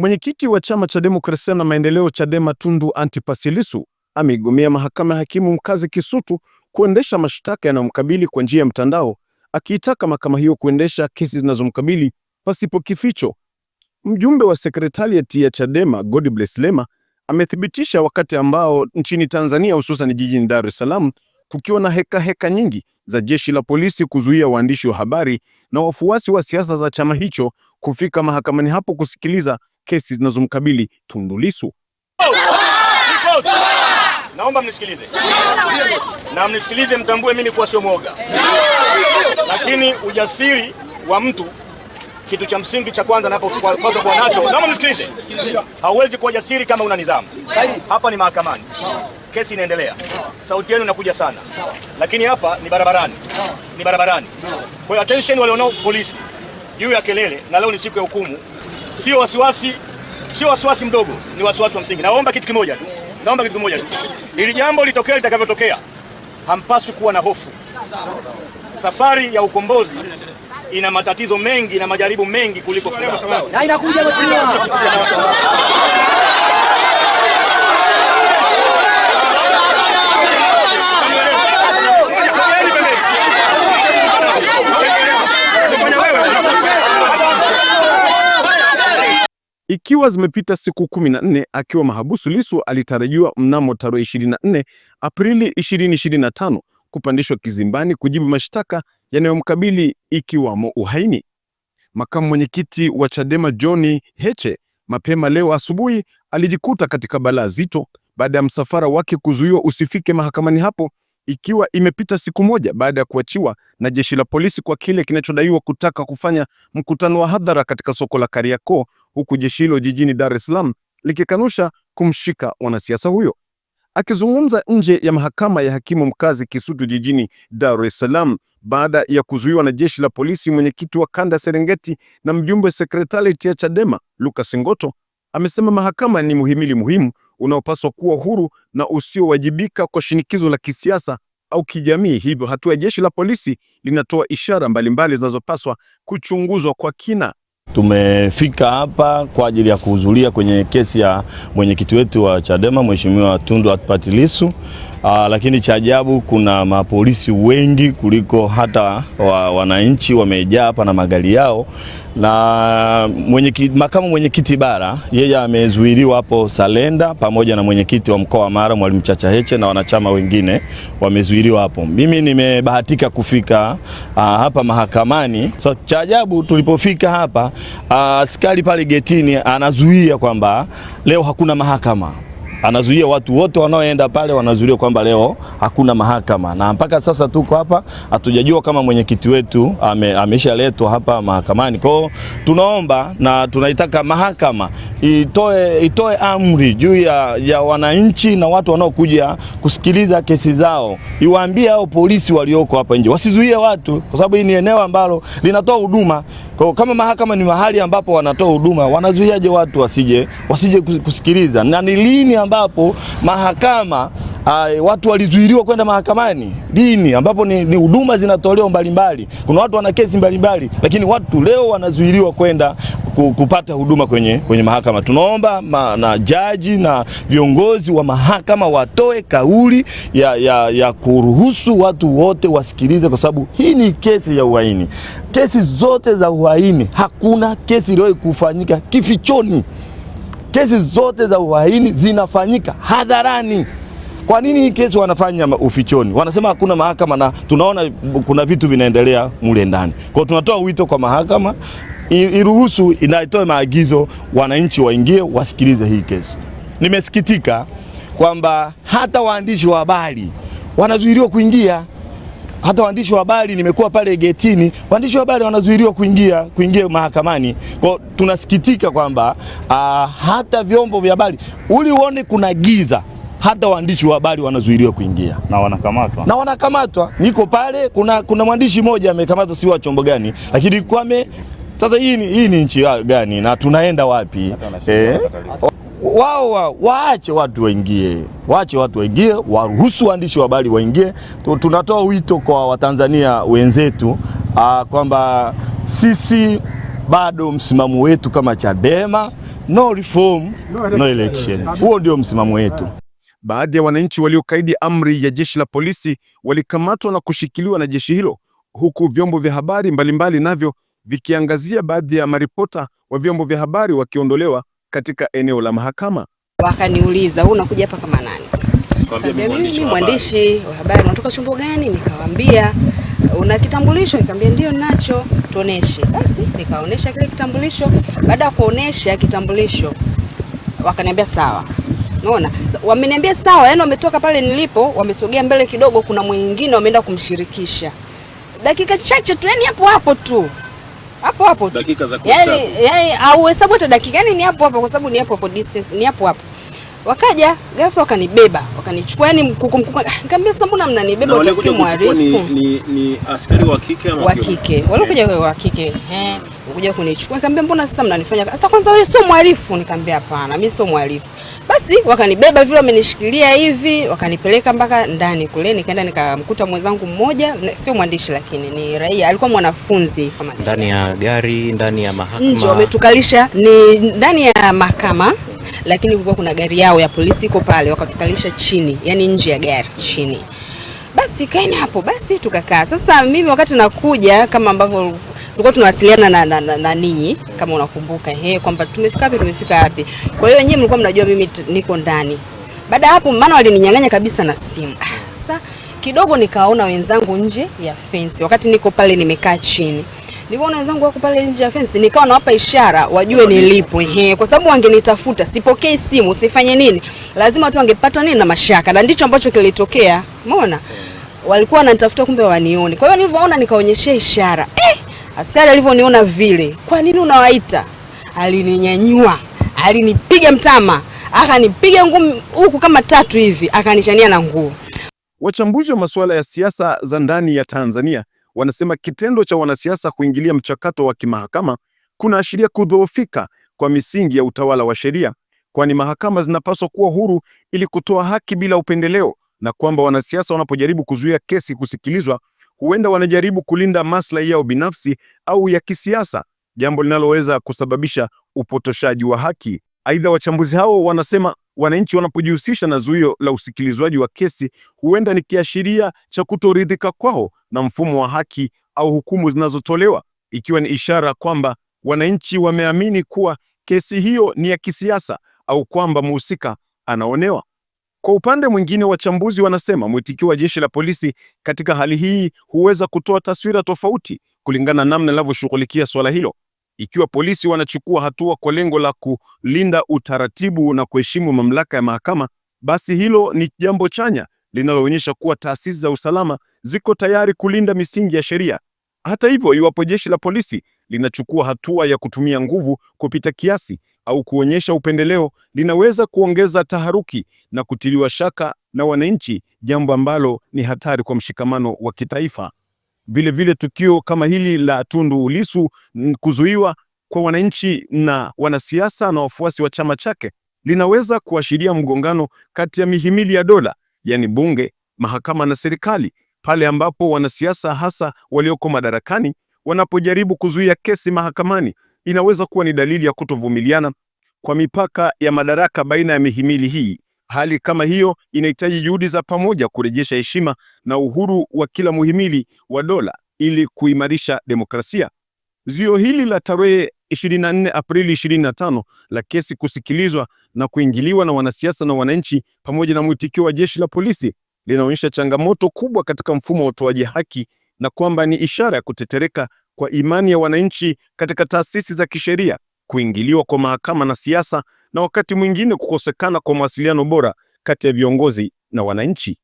Mwenyekiti wa chama cha demokrasia na maendeleo Chadema Tundu Antipas Lissu ameigomea mahakama ya hakimu mkazi Kisutu kuendesha mashtaka yanayomkabili kwa njia ya mtandao, akiitaka mahakama hiyo kuendesha kesi zinazomkabili pasipo kificho. Mjumbe wa sekretariati ya Chadema Godbless Lema amethibitisha wakati ambao nchini Tanzania hususan jijini Dar es Salaam kukiwa na heka heka nyingi za jeshi la polisi kuzuia waandishi wa habari na wafuasi wa siasa za chama hicho kufika mahakamani hapo kusikiliza kesi zinazomkabili Tundu Lissu. Naomba mnisikilize na mnisikilize, mtambue mimi kuwa sio mwoga, lakini ujasiri wa mtu kitu cha msingi cha kwanza napokwaza kuwa nacho. Naomba mnisikilize, hauwezi kuwa jasiri kama una nidhamu. Hapa ni mahakamani, kesi inaendelea, sauti yenu inakuja sana, lakini hapa ni barabarani, ni barabarani. Kwa hiyo attention, walionao polisi juu ya kelele, na leo ni siku ya hukumu, sio wasiwasi sio wasiwasi mdogo, ni wasiwasi wa msingi. Naomba kitu kimoja tu, naomba kitu kimoja tu, ili jambo litokee litakavyotokea, hampaswi kuwa na hofu. Safari ya ukombozi ina matatizo mengi na majaribu mengi kuliko na inakuja mheshimiwa Ikiwa zimepita siku kumi na nne akiwa mahabusu, Lissu alitarajiwa mnamo tarehe 24 Aprili 2025 kupandishwa kizimbani kujibu mashtaka yanayomkabili ikiwamo uhaini. Makamu mwenyekiti wa Chadema John Heche mapema leo asubuhi alijikuta katika balaa zito baada ya msafara wake kuzuiwa usifike mahakamani hapo ikiwa imepita siku moja baada ya kuachiwa na jeshi la polisi kwa kile kinachodaiwa kutaka kufanya mkutano wa hadhara katika soko la Kariakoo huku jeshi hilo jijini Dar es Salaam likikanusha kumshika mwanasiasa huyo. Akizungumza nje ya mahakama ya hakimu mkazi Kisutu jijini Dar es Salaam baada ya kuzuiwa na jeshi la polisi, mwenyekiti wa kanda Serengeti na mjumbe sekretarieti ya Chadema Lucas Ngoto amesema mahakama ni muhimili muhimu unaopaswa kuwa huru na usiowajibika kwa shinikizo la kisiasa au kijamii. Hivyo hatua ya jeshi la polisi linatoa ishara mbalimbali zinazopaswa kuchunguzwa kwa kina. Tumefika hapa kwa ajili ya kuhudhuria kwenye kesi ya mwenyekiti wetu wa Chadema Mheshimiwa Tundu Antipas Lissu. Aa, ah, lakini cha ajabu kuna mapolisi wengi kuliko hata wa, wananchi wamejaa hapa na magari yao, na ki, makamu mwenyekiti bara yeye amezuiliwa hapo Salenda pamoja na mwenyekiti wa mkoa wa Mara Mwalimu Chacha Heche na wanachama wengine wamezuiliwa hapo. Mimi nimebahatika kufika aa, ah, hapa mahakamani. So, cha ajabu tulipofika hapa ah, askari pale getini anazuia kwamba leo hakuna mahakama anazuia watu wote wanaoenda pale, wanazuria kwamba leo hakuna mahakama, na mpaka sasa tuko hapa hatujajua kama mwenyekiti wetu ameshaletwa hapa mahakamani. Kwao tunaomba na tunaitaka mahakama itoe, itoe amri juu ya, ya wananchi na watu wanaokuja kusikiliza kesi zao, iwaambie hao polisi walioko hapa nje wasizuie watu, kwa sababu hii ni eneo ambalo linatoa huduma. Kwa kama mahakama ni mahali ambapo wanatoa huduma, wanazuiaje watu wasije wasije kusikiliza? Na ni lini ambapo mahakama uh, watu walizuiliwa kwenda mahakamani lini, ambapo ni huduma zinatolewa mbalimbali. Kuna watu wana kesi mbalimbali, lakini watu leo wanazuiliwa kwenda kupata huduma kwenye, kwenye mahakama. Tunaomba ma, na jaji na viongozi wa mahakama watoe kauli ya, ya, ya kuruhusu watu wote wasikilize, kwa sababu hii ni kesi ya uhaini. Kesi zote za uhaini, hakuna kesi iliyowahi kufanyika kifichoni. Kesi zote za uhaini zinafanyika hadharani. Kwa nini hii kesi wanafanya ufichoni? Wanasema hakuna mahakama, na tunaona kuna vitu vinaendelea mule ndani. Kwa tunatoa wito kwa mahakama iruhusu, inaitoa maagizo, wananchi waingie wasikilize hii kesi. Nimesikitika kwamba hata waandishi wa habari wanazuiliwa kuingia hata waandishi wa habari nimekuwa pale getini, waandishi wa habari wanazuiliwa kuingia kuingia mahakamani. Kwa tunasikitika kwamba ah, hata vyombo vya habari ulione kuna giza hata waandishi wa habari wanazuiliwa kuingia na wanakamatwa, na wanakamatwa. Niko pale, kuna, kuna mwandishi mmoja amekamatwa, si wa chombo gani, lakini kwame. Sasa hii ni, hii ni nchi gani na tunaenda wapi eh? Wao wa, waache watu waingie, waache watu waingie, waruhusu waandishi wa habari waingie. Tunatoa wito kwa Watanzania wenzetu ah, kwamba sisi bado msimamo wetu kama Chadema, no reform no election. Huo ndio msimamo wetu. Baadhi ya wananchi waliokaidi amri ya jeshi la polisi walikamatwa na kushikiliwa na jeshi hilo, huku vyombo vya habari mbalimbali navyo vikiangazia baadhi ya maripota wa vyombo vya habari wakiondolewa katika eneo la mahakama. Wakaniuliza, wewe unakuja hapa kama nani? Mimi mwandishi wa habari. Unatoka chombo gani? Nikawaambia una kitambulisho? Nikamwambia ndio nacho, tuoneshe. Basi nikaonesha kile kitambulisho. Baada ya kuonesha kitambulisho, wakaniambia sawa Unaona? Wameniambia sawa, yani wametoka pale nilipo, wamesogea mbele kidogo, kuna mwingine wameenda kumshirikisha. Dakika chache tu, yani hapo hapo tu. Hapo hapo tu. Dakika za yaani, kuhesabu. Yaani, yaani au hesabu hata dakika, yani ni hapo hapo kwa sababu ni hapo hapo distance, ni hapo hapo. Wakaja ghafla wakanibeba, wakanichukua yani mkuku mkuku ah, Nikamwambia sasa, mbona mnanibeba? Utaki mwarifu ni, ni, ni askari wa kike ama wa kike? Walikuja eh. wa kike eh, kuja kunichukua. Nikamwambia mbona sasa mnanifanya sasa? Kwanza wewe sio mwarifu. Nikamwambia hapana, mimi sio mwarifu. Basi wakanibeba vile, wamenishikilia hivi, wakanipeleka mpaka ndani kule. Nikaenda nikamkuta mwenzangu mmoja, sio mwandishi, lakini ni raia, alikuwa mwanafunzi kama ndani ya gari, ndani ya mahakama, nje wametukalisha, ni ndani ya mahakama lakini kulikuwa kuna gari yao ya polisi iko pale, wakatukalisha chini, yani nje ya gari chini. Basi kaeni hapo, basi tukakaa. Sasa mimi wakati nakuja, kama ambavyo tulikuwa tunawasiliana na, na, na, na ninyi kama unakumbuka ehe, kwamba tumefika wapi, tumefika wapi. Kwa hiyo wenyewe mlikuwa mnajua mimi niko ndani. Baada hapo, maana walininyang'anya kabisa na simu. Ah, sasa kidogo nikaona wenzangu nje ya fence, wakati niko pale nimekaa chini Niliona wenzangu wako pale nje ya fence, nikawa nawapa ishara wajue nilipo, ehe, kwa sababu wangenitafuta, sipokei simu, sifanye nini, lazima tu wangepata nini na mashaka, na ndicho ambacho kilitokea. Umeona, walikuwa wananitafuta, kumbe wanione. Kwa hiyo nilivyoona, nikaonyeshea ishara eh. Askari alivyoniona vile, kwa nini unawaita, alininyanyua, alinipiga mtama, akanipiga ngumi huku kama tatu hivi, akanishania na nguo. Wachambuzi wa masuala ya siasa za ndani ya Tanzania wanasema kitendo cha wanasiasa kuingilia mchakato wa kimahakama kunaashiria kudhoofika kwa misingi ya utawala wa sheria, kwani mahakama zinapaswa kuwa huru ili kutoa haki bila upendeleo, na kwamba wanasiasa wanapojaribu kuzuia kesi kusikilizwa huenda wanajaribu kulinda maslahi yao binafsi au ya kisiasa, jambo linaloweza kusababisha upotoshaji wa haki. Aidha, wachambuzi hao wanasema wananchi wanapojihusisha na zuio la usikilizwaji wa kesi, huenda ni kiashiria cha kutoridhika kwao na mfumo wa haki au hukumu zinazotolewa, ikiwa ni ishara kwamba wananchi wameamini kuwa kesi hiyo ni ya kisiasa au kwamba mhusika anaonewa. Kwa upande mwingine, wachambuzi wanasema mwitikio wa jeshi la polisi katika hali hii huweza kutoa taswira tofauti kulingana na namna linavyoshughulikia suala hilo ikiwa polisi wanachukua hatua kwa lengo la kulinda utaratibu na kuheshimu mamlaka ya mahakama, basi hilo ni jambo chanya linaloonyesha kuwa taasisi za usalama ziko tayari kulinda misingi ya sheria. Hata hivyo, iwapo jeshi la polisi linachukua hatua ya kutumia nguvu kupita kiasi au kuonyesha upendeleo, linaweza kuongeza taharuki na kutiliwa shaka na wananchi, jambo ambalo ni hatari kwa mshikamano wa kitaifa vilevile tukio kama hili la Tundu Lissu kuzuiwa kwa wananchi na wanasiasa na wafuasi wa chama chake linaweza kuashiria mgongano kati ya mihimili ya dola, yani bunge, mahakama na serikali, pale ambapo wanasiasa hasa walioko madarakani wanapojaribu kuzuia kesi mahakamani. Inaweza kuwa ni dalili ya kutovumiliana kwa mipaka ya madaraka baina ya mihimili hii. Hali kama hiyo inahitaji juhudi za pamoja kurejesha heshima na uhuru wa kila muhimili wa dola ili kuimarisha demokrasia. Zuio hili la tarehe 24 Aprili 25 la kesi kusikilizwa na kuingiliwa na wanasiasa na wananchi pamoja na mwitikio wa jeshi la polisi linaonyesha changamoto kubwa katika mfumo wa utoaji haki na kwamba ni ishara ya kutetereka kwa imani ya wananchi katika taasisi za kisheria kuingiliwa kwa mahakama na siasa, na wakati mwingine kukosekana kwa mawasiliano bora kati ya viongozi na wananchi.